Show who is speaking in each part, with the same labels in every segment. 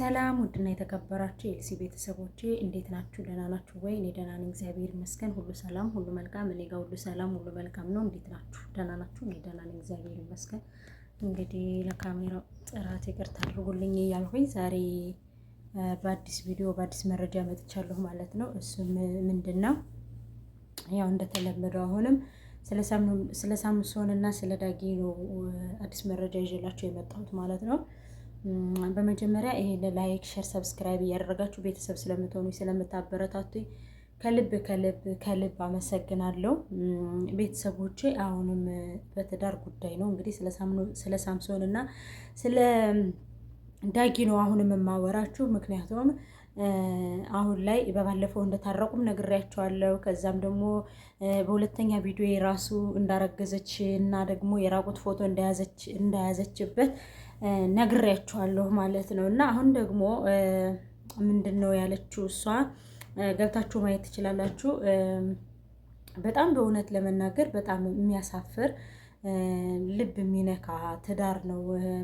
Speaker 1: ሰላም ውድና የተከበራችሁ የኤልሲ ቤተሰቦቼ እንዴት ናችሁ? ደህና ናችሁ ወይ? እኔ ደህና ነኝ፣ እግዚአብሔር ይመስገን። ሁሉ ሰላም፣ ሁሉ መልካም። እኔ ጋር ሁሉ ሰላም፣ ሁሉ መልካም ነው። እንዴት ናችሁ? ደህና ናችሁ? እኔ ደህና ነኝ፣ እግዚአብሔር ይመስገን። እንግዲህ ለካሜራው ጥራት ይቅርታ አድርጉልኝ እያልኩኝ ዛሬ በአዲስ ቪዲዮ በአዲስ መረጃ መጥቻለሁ ማለት ነው። እሱም ምንድን ነው ያው እንደተለመደው አሁንም ስለ ሳምሶን እና ስለ ዳጊ ነው አዲስ መረጃ ይዤላችሁ የመጣሁት ማለት ነው። በመጀመሪያ ይሄን ላይክ፣ ሼር፣ ሰብስክራይብ እያደረጋችሁ ቤተሰብ ስለምትሆኑ ስለምታበረታቱኝ ከልብ ከልብ ከልብ አመሰግናለሁ። ቤተሰቦቼ አሁንም በትዳር ጉዳይ ነው እንግዲህ ስለ ሳምሶን እና ስለ ዳጊ ነው አሁንም የማወራችሁ። ምክንያቱም አሁን ላይ በባለፈው እንደታረቁም ነግሬያቸዋለሁ። ከዛም ደግሞ በሁለተኛ ቪዲዮ የራሱ እንዳረገዘች እና ደግሞ የራቁት ፎቶ እንደያዘችበት ነግሬያችኋለሁ ማለት ነው። እና አሁን ደግሞ ምንድን ነው ያለችው እሷ ገብታችሁ ማየት ትችላላችሁ። በጣም በእውነት ለመናገር በጣም የሚያሳፍር ልብ የሚነካ ትዳር ነው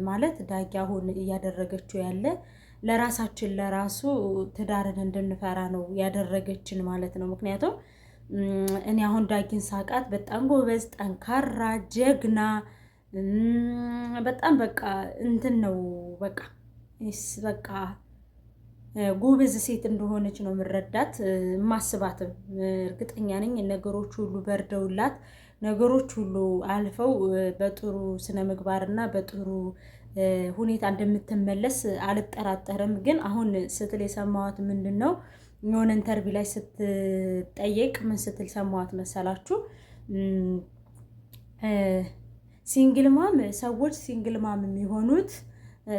Speaker 1: ማለት ዳጊ አሁን እያደረገችው ያለ ለራሳችን ለራሱ ትዳርን እንድንፈራ ነው ያደረገችን ማለት ነው። ምክንያቱም እኔ አሁን ዳጊን ሳቃት በጣም ጎበዝ፣ ጠንካራ፣ ጀግና በጣም በቃ እንትን ነው በቃ ስ በቃ ጎበዝ ሴት እንደሆነች ነው የምረዳት ማስባትም እርግጠኛ ነኝ። ነገሮች ሁሉ በርደውላት ነገሮች ሁሉ አልፈው በጥሩ ስነ ምግባርና በጥሩ ሁኔታ እንደምትመለስ አልጠራጠርም። ግን አሁን ስትል የሰማዋት ምንድን ነው የሆነ ኢንተርቪው ላይ ስትጠየቅ ምን ስትል ሰማዋት መሰላችሁ? ሲንግል ማም ሰዎች ሲንግል ማም የሚሆኑት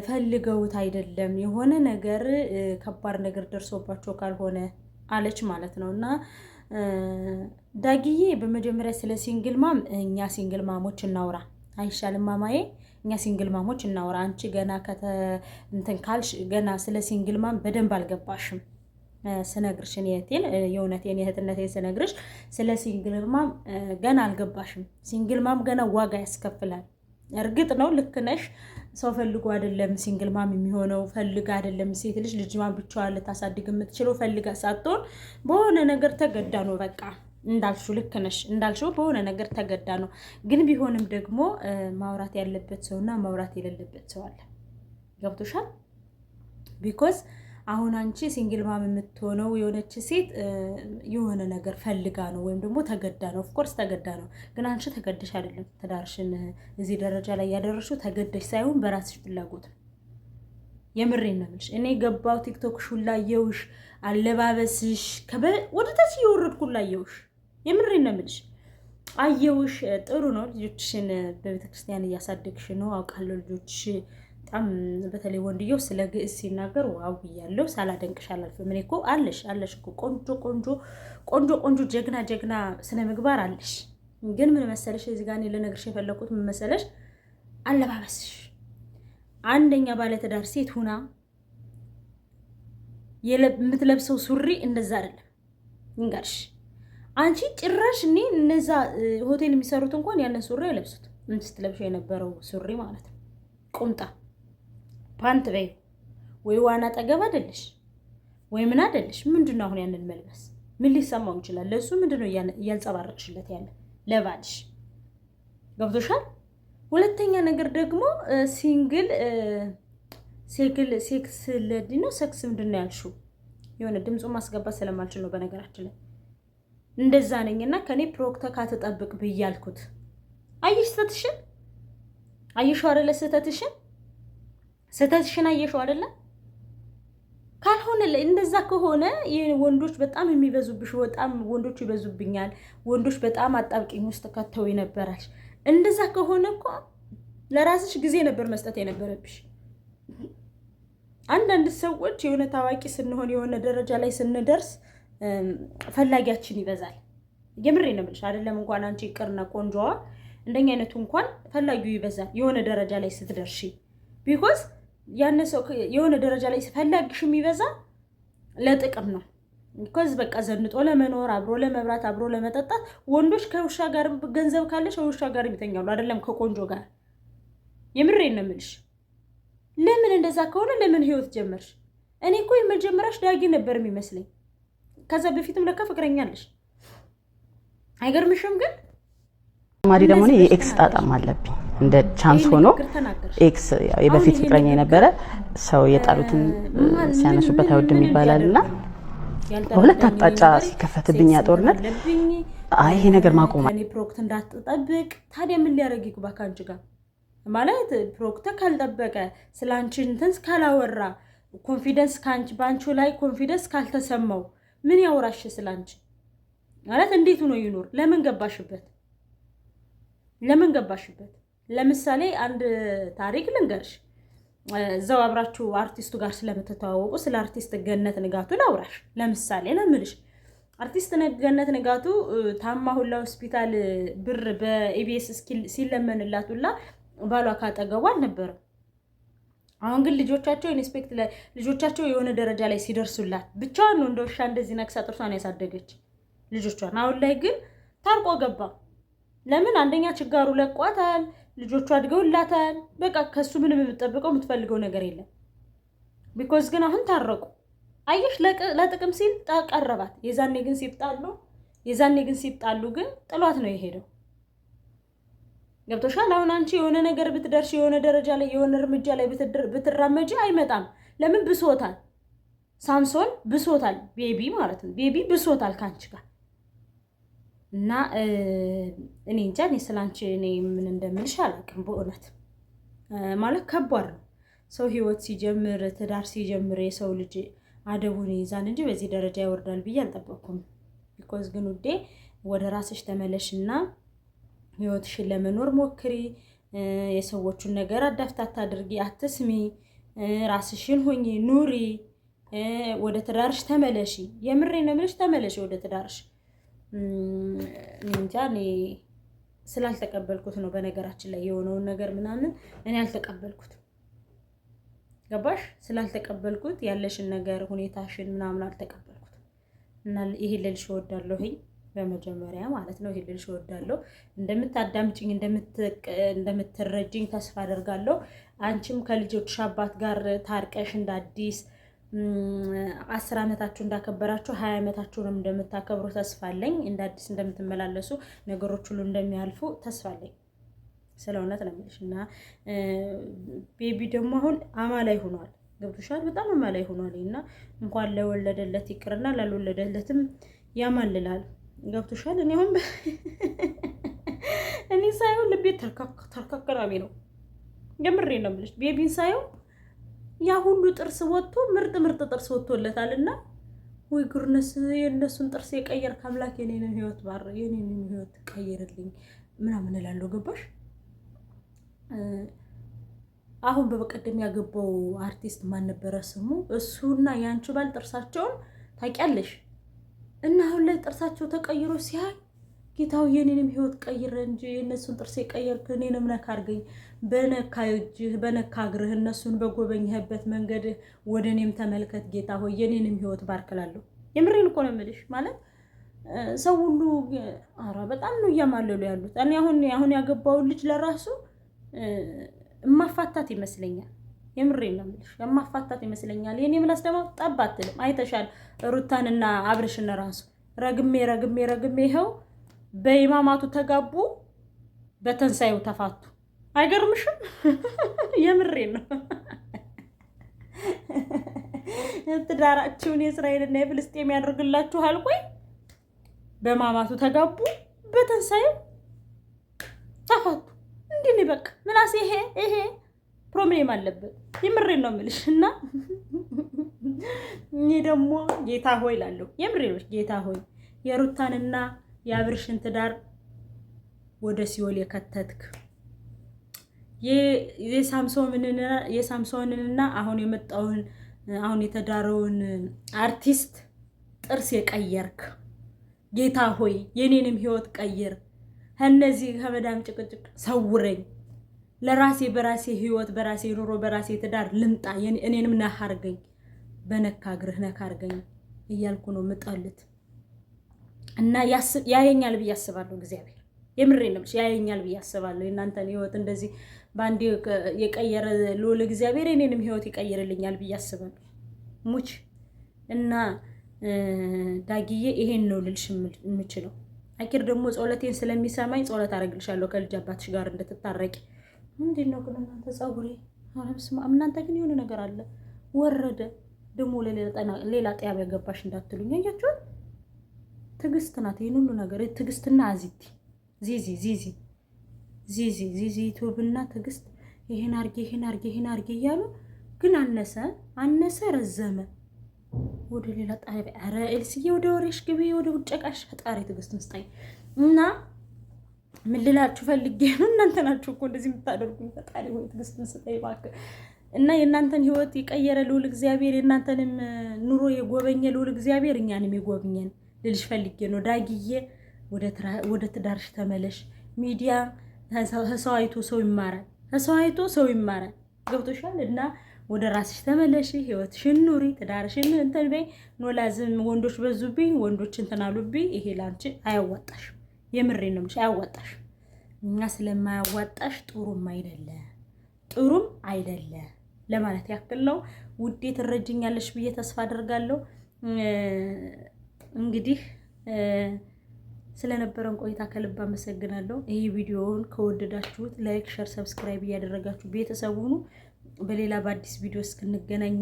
Speaker 1: ፈልገውት አይደለም፣ የሆነ ነገር ከባድ ነገር ደርሶባቸው ካልሆነ አለች ማለት ነው። እና ዳግዬ በመጀመሪያ ስለ ሲንግል ማም እኛ ሲንግል ማሞች እናውራ አይሻልም? ማማዬ እኛ ሲንግል ማሞች እናውራ። አንቺ ገና ከተ እንትን ካልሽ ገና ስለ ሲንግል ማም በደንብ አልገባሽም። ስነግርሽ እህቴን የእውነቴን የእህትነቴን ስነግርሽ ስለ ሲንግል ማም ገና አልገባሽም። ሲንግል ማም ገና ዋጋ ያስከፍላል። እርግጥ ነው ልክ ነሽ። ሰው ፈልጎ አይደለም ሲንግል ማም የሚሆነው ፈልጋ አይደለም። ሴት ልጅ ማም ብቻዋን ልታሳድግ የምትችለው ፈልጋ ሳትሆን በሆነ ነገር ተገዳ ነው። በቃ እንዳልሹ ልክ ነሽ። እንዳልሹ በሆነ ነገር ተገዳ ነው። ግን ቢሆንም ደግሞ ማውራት ያለበት ሰውና ማውራት የሌለበት ሰው አለ። ገብቶሻል ቢኮዝ አሁን አንቺ ሲንግል ማም የምትሆነው የሆነች ሴት የሆነ ነገር ፈልጋ ነው ወይም ደግሞ ተገዳ ነው። ኦፍኮርስ ተገዳ ነው፣ ግን አንቺ ተገደሽ አይደለም ትዳርሽን እዚህ ደረጃ ላይ ያደረሽው። ተገደሽ ሳይሆን በራስሽ ፍላጎት ነው። የምሬን ነው የምልሽ። እኔ ገባው ቲክቶክሽ ሁላ የውሽ አለባበስሽ ወደ ታች እየወረድኩ የውሽ የምሬን ነው የምልሽ አየውሽ ጥሩ ነው። ልጆችሽን በቤተክርስቲያን እያሳደግሽ ነው አውቃለሁ። ልጆች በጣም በተለይ ወንድየው ስለ ግዕዝ ሲናገር ዋው ብያለሁ። ሳላደንቅሽ አላልፍም። እኔ እኮ አለሽ አለሽ እኮ ቆንጆ ቆንጆ ቆንጆ ቆንጆ ጀግና ጀግና ስነ ምግባር አለሽ። ግን ምን መሰለሽ እዚህ ጋር እኔ ልነግርሽ የፈለኩት ምን መሰለሽ፣ አለባበስሽ አንደኛ ባለትዳር ሴት ሁና የምትለብሰው ሱሪ እንደዛ አይደለም እንጋርሽ። አንቺ ጭራሽ እኔ እነዛ ሆቴል የሚሰሩት እንኳን ያንን ሱሪ አይለብሱት። ምን ስትለብሽ የነበረው ሱሪ ማለት ነው ቁምጣ ፓንት በይ ወይ ዋና ጠገብ አይደለሽ ወይ ምን አይደለሽ? ምንድነው አሁን ያንን መልበስ ምን ሊሰማው ይችላል? ለእሱ ነው እያንጸባረቅሽለት ያለ ለባልሽ ገብቶሻል? ሁለተኛ ነገር ደግሞ ሲንግል ሴክል ሴክስ ለዲ ነው ሴክስ ምንድን ነው ያልሽው? የሆነ ድምፁ ማስገባት ስለማልችል ነው በነገራችን ላይ እንደዛ ነኝና ከኔ ፕሮክተ ካትጠብቅ ብያልኩት። አየሽ ስህተትሽን፣ አየሽ አይደለ ስህተትሽን ስህተትሽን አየሽው አይደለ? ካልሆነ እንደዛ ከሆነ ወንዶች በጣም የሚበዙብሽ በጣም ወንዶች ይበዙብኛል፣ ወንዶች በጣም አጣብቂኝ ውስጥ ከተው ነበራሽ። እንደዛ ከሆነ እኮ ለራስሽ ጊዜ ነበር መስጠት የነበረብሽ። አንዳንድ ሰዎች የሆነ ታዋቂ ስንሆን የሆነ ደረጃ ላይ ስንደርስ ፈላጊያችን ይበዛል። የምሬ ነው የምልሽ። አይደለም እንኳን አንቺ ይቅርና ቆንጆዋ እንደኛ አይነቱ እንኳን ፈላጊው ይበዛል የሆነ ደረጃ ላይ ስትደርሺ ቢኮዝ ሰው የሆነ ደረጃ ላይ ፈላጊሽ የሚበዛ ለጥቅም ነው። ከዚ በቃ ዘንጦ ለመኖር አብሮ ለመብራት አብሮ ለመጠጣት ወንዶች ከውሻ ጋር ገንዘብ ካለሽ ከውሻ ጋር ይተኛሉ፣ አይደለም ከቆንጆ ጋር። የምሬን ነው የምልሽ። ለምን እንደዛ ከሆነ ለምን ህይወት ጀመርሽ? እኔ እኮ የመጀመሪያሽ ዳጊ ነበር የሚመስለኝ። ከዛ በፊትም ለካ ፍቅረኛ አይገርምሽም? ግን
Speaker 2: ማሪ ደግሞ የኤክስ ጣጣም አለብኝ እንደ ቻንስ ሆኖ ኤክስ የበፊት ፍቅረኛ የነበረ ሰው የጣሉትን ሲያነሱበት አይወድም ይባላል እና በሁለት አቅጣጫ ሲከፈትብኛ ጦርነት፣ ይሄ ነገር ማቆማ
Speaker 1: እኔ ፕሮክት እንዳትጠብቅ። ታዲያ ምን ሊያደርግ ይግባ ከአንቺ ጋር ማለት ፕሮክት ካልጠበቀ ስለ አንቺ እንትን ካላወራ ኮንፊደንስ ከአንቺ በአንቺ ላይ ኮንፊደንስ ካልተሰማው ምን ያወራሽ ስለ አንቺ ማለት እንዴት ነው ይኖር? ለምን ገባሽበት? ለምን ገባሽበት? ለምሳሌ አንድ ታሪክ ልንገርሽ። እዛው አብራችሁ አርቲስቱ ጋር ስለምትተዋወቁ ስለ አርቲስት ገነት ንጋቱ ላውራሽ። ለምሳሌ ነው የምልሽ አርቲስት ገነት ንጋቱ ታማ ሁላ ሆስፒታል ብር በኢቢኤስ ሲለመንላት ሁላ ባሏ ካጠገቡ አልነበረም። አሁን ግን ልጆቻቸው ኢንስፔክት ልጆቻቸው የሆነ ደረጃ ላይ ሲደርሱላት ብቻዋን ነው እንደ ውሻ እንደዚህ ነክሳ ጥርሷን ያሳደገች ልጆቿን። አሁን ላይ ግን ታርቆ ገባ። ለምን አንደኛ ችጋሩ ለቋታል ልጆቹ አድገውላታል። በቃ ከሱ ምንም የምጠብቀው የምትፈልገው ነገር የለም። ቢኮዝ ግን አሁን ታረቁ። አየሽ ለጥቅም ሲል ቀረባት። የዛኔ ግን ሲጣሉ የዛኔ ግን ሲጣሉ ግን ጥሏት ነው የሄደው። ገብቶሻል። አሁን አንቺ የሆነ ነገር ብትደርሽ የሆነ ደረጃ ላይ የሆነ እርምጃ ላይ ብትራመጂ አይመጣም። ለምን ብሶታል፣ ሳምሶን ብሶታል፣ ቤቢ ማለት ነው። ቤቢ ብሶታል ከአንቺ ጋር እና እኔ እንጃ እኔ ስላንቺ እኔ ምን እንደምልሽ አላውቅም። በእውነት ማለት ከባድ ነው። ሰው ህይወት ሲጀምር ትዳር ሲጀምር የሰው ልጅ አደቡን ይይዛል እንጂ በዚህ ደረጃ ይወርዳል ብዬ አልጠበቅኩም። ቢኮዝ ግን ውዴ ወደ ራስሽ ተመለሽ እና ህይወትሽን ለመኖር ሞክሪ። የሰዎቹን ነገር አዳፍታ አታድርጊ፣ አትስሚ፣ ራስሽን ሆኚ፣ ኑሪ። ወደ ትዳርሽ ተመለሺ። የምሬ ነው የምልሽ፣ ተመለሺ ወደ ትዳርሽ እንጃ እኔ ስላልተቀበልኩት ነው። በነገራችን ላይ የሆነውን ነገር ምናምን እኔ አልተቀበልኩትም። ገባሽ? ስላልተቀበልኩት ያለሽን ነገር ሁኔታሽን ምናምን አልተቀበልኩት እና ይሄ ልልሽ እወዳለሁኝ በመጀመሪያ ማለት ነው። ይሄ ልልሽ እወዳለሁ። እንደምታዳምጭኝ እንደምትረጅኝ ተስፋ አደርጋለሁ። አንቺም ከልጆች አባት ጋር ታርቀሽ እንደ አዲስ አስር ዓመታችሁ እንዳከበራችሁ ሀያ ዓመታችሁንም እንደምታከብሩ ተስፋ አለኝ። እንደ አዲስ እንደምትመላለሱ ነገሮች ሁሉ እንደሚያልፉ ተስፋ አለኝ። ስለ እውነት ነው የምልሽ እና ቤቢ ደግሞ አሁን አማላይ ሆኗል። ገብቶሻል? በጣም አማላይ ሆኗል እና እንኳን ለወለደለት ይቅርና ላልወለደለትም ያማልላል። ገብቶሻል? እኔ አሁን እኔ ሳየው ልቤት ተርካክ ተርካክ ነው። የምሬ ነው የምልሽ ቤቢን ሳየው ያ ሁሉ ጥርስ ወጥቶ ምርጥ ምርጥ ጥርስ ወጥቶለታል። እና ወይ ጉርነስ የእነሱን ጥርስ የቀየር ከአምላክ የኔንም ህይወት ባር የኔንም ህይወት ቀይርልኝ ምናምን እላለሁ። ገባሽ? አሁን በበቀደም ያገባው አርቲስት ማን ነበረ ስሙ? እሱና ያንቺ ባል ጥርሳቸውን ታውቂያለሽ። እና አሁን ላይ ጥርሳቸው ተቀይሮ ሲያይ ጌታው የኔንም ህይወት ቀይረ እንጂ የእነሱን ጥርሴ ቀየርክ፣ እኔንም ነካ አድርገኝ። በነካ እጅህ በነካ እግርህ እነሱን በጎበኝህበት መንገድ ወደ እኔም ተመልከት ጌታ ሆይ፣ የኔንም ህይወት ባርክላለሁ። የምሬን እኮ ነው የምልሽ። ማለት ሰው ሁሉ ኧረ በጣም ነው እያማለሉ ያሉት። እኔ አሁን አሁን ያገባውን ልጅ ለራሱ እማፋታት ይመስለኛል። የምሬ ነው የምልሽ፣ የማፋታት ይመስለኛል። የኔ ምላስ ደግሞ ጠብ አትልም። አይተሻል ሩታንና አብርሽን ራሱ ረግሜ ረግሜ ረግሜ ይኸው በኢማማቱ ተጋቡ፣ በትንሳኤው ተፋቱ። አይገርምሽም? የምሬ ነው። ትዳራችሁን የእስራኤልና የፍልስጤም ያደርግላችኋል። ቆይ በማማቱ ተጋቡ፣ በትንሳኤው ተፋቱ። እንዲህ ነው በቃ። ምናሴ ይሄ ይሄ ፕሮብሌም አለበት። የምሬን ነው የምልሽ እና እኔ ደግሞ ጌታ ሆይ ላለሁ የምሬኖች ጌታ ሆይ የሩታንና የአብርሽን ትዳር ወደ ሲኦል የከተትክ የሳምሶንንና አሁን የመጣውን አሁን የተዳረውን አርቲስት ጥርስ የቀየርክ ጌታ ሆይ የኔንም ህይወት ቀይር፣ ከነዚህ ከመዳም ጭቅጭቅ ሰውረኝ፣ ለራሴ በራሴ ህይወት በራሴ ኑሮ በራሴ ትዳር ልምጣ፣ እኔንም ነህ አርገኝ፣ በነካ እግርህ ነካ አርገኝ እያልኩ ነው ምጠልት እና ያየኛል ብዬ አስባለሁ። እግዚአብሔር የምሬ ነው ያየኛል ብዬ አስባለሁ። የእናንተን ህይወት እንደዚህ በአንድ የቀየረ ልዑል እግዚአብሔር እኔንም ህይወት ይቀይርልኛል ብዬ አስባለሁ። ሙች እና ዳጊዬ ይሄን ነው ልልሽ የምችለው። አኪር ደግሞ ጸሎቴን ስለሚሰማኝ ጸሎት አደርግልሻለሁ ከልጅ አባትሽ ጋር እንድትታረቂ። ምንድን ነው ግን እናንተ ጸጉሬ ስማ፣ እናንተ ግን የሆነ ነገር አለ ወረደ ደግሞ ለሌላ ጤና ገባሽ እንዳትሉኝ አያችሁት። ትግስት ናት። ይህን ሁሉ ነገር ትግስትና አዚቲ ዚዚ ዚዚ ዚዚ ዚዚ ዩቱብና ትግስት ይህን አርጌ ይህን አርጌ ይህን አርጌ እያሉ ግን አነሰ አነሰ ረዘመ ወደ ሌላ ጣቢያ። ኧረ ኤልስዬ ወደ ወሬሽ ግቢ፣ ወደ ውጨቃሽ። ፈጣሪ ትግስት ስጠኝ እና ምን ልላችሁ ፈልጌ ነው። እናንተ ናችሁ እኮ እንደዚህ የምታደርጉኝ። ፈጣሪ ሆይ ትግስት ስጠኝ እባክህ። እና የእናንተን ህይወት የቀየረ ልዑል እግዚአብሔር፣ የእናንተንም ኑሮ የጎበኘ ልዑል እግዚአብሔር እኛንም የጎብኘን። ልልሽ ፈልጌ ነው። ዳግዬ ወደ ትዳርሽ ተመለሽ። ሚዲያ ሰው አይቶ ሰው ይማራል፣ ሰው አይቶ ሰው ይማራል። ገብቶሻል እና ወደ ራስሽ ተመለሽ፣ ህይወትሽን ኑሪ፣ ትዳርሽን እንትን በይ። ኖላዝም ወንዶች በዙብኝ፣ ወንዶች እንትን አሉብኝ። ይሄ ላንቺ አያዋጣሽ። የምሬ ነው የምልሽ አያዋጣሽ። እኛ ስለማያዋጣሽ ጥሩም አይደለ ጥሩም አይደለ ለማለት ያክል ነው። ውዴ ትረጅኛለሽ ብዬ ተስፋ አደርጋለሁ። እንግዲህ ስለነበረን ቆይታ ከልብ አመሰግናለሁ። ይህ ቪዲዮውን ከወደዳችሁት ላይክ፣ ሸር፣ ሰብስክራይብ እያደረጋችሁ ቤተሰብ ሁኑ። በሌላ በአዲስ ቪዲዮ እስክንገናኙ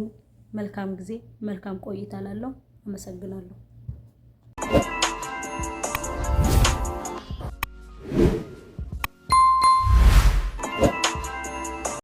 Speaker 1: መልካም ጊዜ፣ መልካም ቆይታ ላለው አመሰግናለሁ።